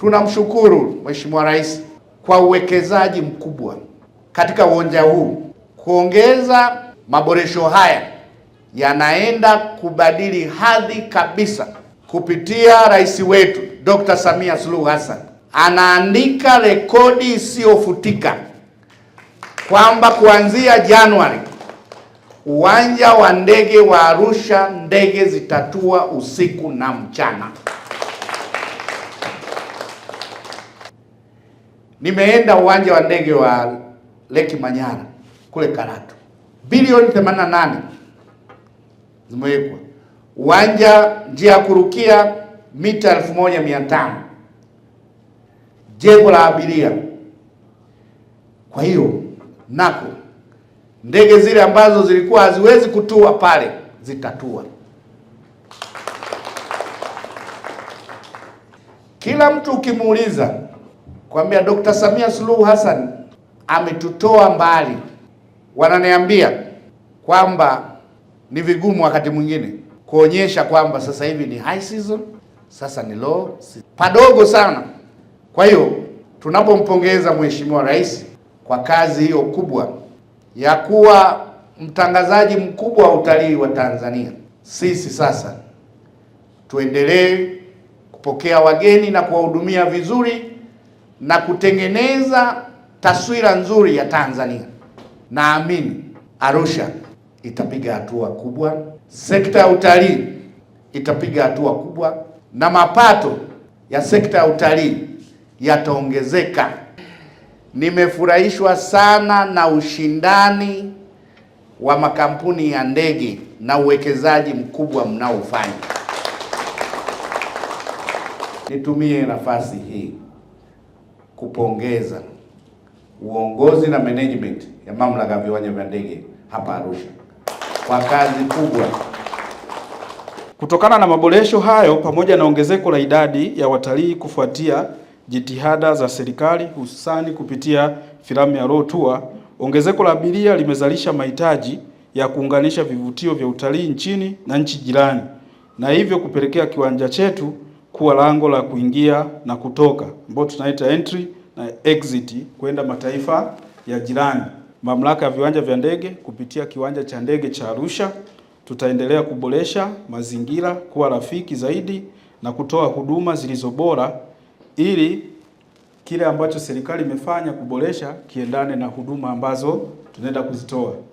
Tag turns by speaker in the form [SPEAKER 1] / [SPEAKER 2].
[SPEAKER 1] Tunamshukuru Mheshimiwa Rais kwa uwekezaji mkubwa katika uwanja huu, kuongeza maboresho haya yanaenda kubadili hadhi kabisa. Kupitia rais wetu Dr. Samia Suluhu Hassan anaandika rekodi isiyofutika kwamba kuanzia Januari uwanja wa ndege wa Arusha ndege zitatua usiku na mchana. Nimeenda uwanja wa ndege wa Leki Manyara kule Karatu, bilioni 88 zimewekwa uwanja, njia ya kurukia mita 1500 jengo la abiria. Kwa hiyo nako ndege zile ambazo zilikuwa haziwezi kutua pale zitatua. Kila mtu ukimuuliza kwambia Dkt. Samia Suluhu Hassan ametutoa mbali. Wananiambia kwamba ni vigumu wakati mwingine kuonyesha kwamba sasa hivi ni high season, sasa ni low season. Padogo sana. Kwa hiyo tunapompongeza Mheshimiwa Rais kwa kazi hiyo kubwa ya kuwa mtangazaji mkubwa wa utalii wa Tanzania, sisi sasa tuendelee kupokea wageni na kuwahudumia vizuri na kutengeneza taswira nzuri ya Tanzania. Naamini Arusha itapiga hatua kubwa, sekta ya utalii itapiga hatua kubwa, na mapato ya sekta ya utalii yataongezeka. Nimefurahishwa sana na ushindani wa makampuni ya ndege na uwekezaji mkubwa mnaofanya. Nitumie nafasi hii kupongeza uongozi na management ya mamlaka ya viwanja vya ndege hapa Arusha kwa kazi kubwa.
[SPEAKER 2] Kutokana na maboresho hayo pamoja na ongezeko la idadi ya watalii kufuatia jitihada za serikali hususani kupitia filamu ya Royal Tour, ongezeko la abiria limezalisha mahitaji ya kuunganisha vivutio vya utalii nchini na nchi jirani na hivyo kupelekea kiwanja chetu kuwa lango la kuingia na kutoka ambao tunaita entry na exit kwenda mataifa ya jirani. Mamlaka ya viwanja vya ndege kupitia kiwanja cha ndege cha Arusha tutaendelea kuboresha mazingira kuwa rafiki zaidi na kutoa huduma zilizo bora ili kile ambacho serikali imefanya kuboresha kiendane na huduma ambazo tunaenda kuzitoa.